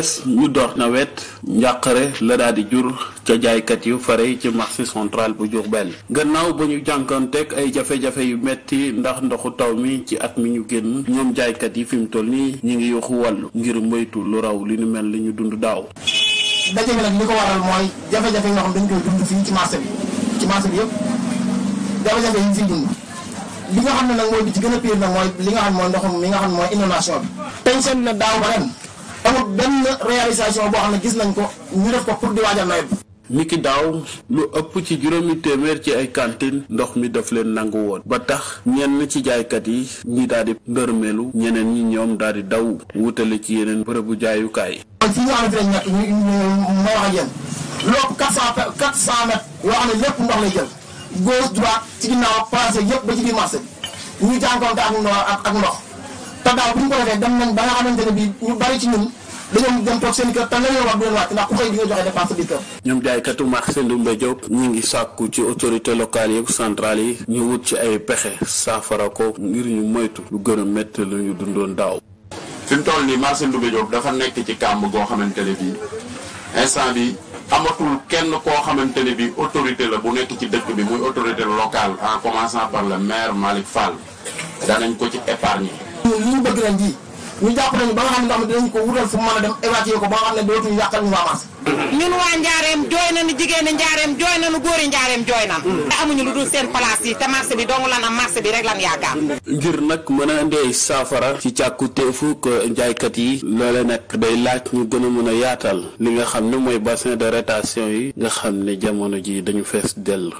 bees ñu door nawet njàqare la daal di jur ca jaaykat yu fare ci marché contrale bu Diourbel gannaaw ba ñu jànkanteeg ay jafe-jafe yu metti ndax ndoxu taw mi ci at mi ñu génn ñoom jaaykat yi fi mu toll nii ñu ngi yuuxu wàllu ngir moytu lu raw li ñu mel li ñu dund daaw. daje bi ko waral mooy jafe-jafe dañ koy dund bi ci marché bi yëpp jafe-jafe yi ñu fiy dund li nga xam ne nag mooy bi ci gën a pire nag mooy li nga xam mooy mi nga xam mooy inondation pension na daaw ba ren amul benn réalisation boo xam ne gis nañ ko ñu def ko pour di waajal nawet bi. niki daaw lu ëpp ci juróomi téeméer ci ay cantine ndox mi daf leen nangu woon ba tax ñenn ci jaaykat yi ñi daal di ndërmeelu ñeneen ñi ñoom daal di daw wutale ci yeneen bërëbu jaayukaay. kon fii nga xamante ne ñàkk ñu ma wax ak cent quatre cent xam ne lépp ndox lay jël gauche droite yëpp ba bi ñu jànkoonte ak ndox. te daaw bu ñu ko defee dem nañ ba nga xamante ne ñu bari ci ñun dañoo dem toog seen kër te la ñoo wax du leen wàcc ndax ku xëy joxe dépense bi kër. ñoom jaaykatu marché Ndoumbé Diop ñu ngi sàkku ci autorité locale yeeg centrale yi ñu wut ci ay pexe saafara ko ngir ñu moytu lu gën a métti lu ñu dundoon daaw. fi mu toll nii marché Ndoumbé Diop dafa nekk ci kàmb goo xamante ne bii instant bi amatul kenn koo xamante ne bii autorité la bu nekk ci dëkk bi muy autorité locale en commençant a le maire Malick Fall danañ ko ci épargner. ñoom ñu bëgg leen ji ñu jàpp nañu ba nga xam ne am ko wutal fu mu a dem évacuer ko ba nga xam ne dootuñu ñu waa Mass. waa Njaareem jooy yi Njaareem jooy nañu. te amuñu dul seen place yi te marché bi dong lan am marché bi rek lan yaakaar. ngir nag mën a indee saafara. ci càkku teefu ko njaaykat yi. loole nag day laaj ñu gën a mën a yaatal. li nga xam ne mooy bassin de rétention yi. nga xam ne jamono ji dañu fees dell.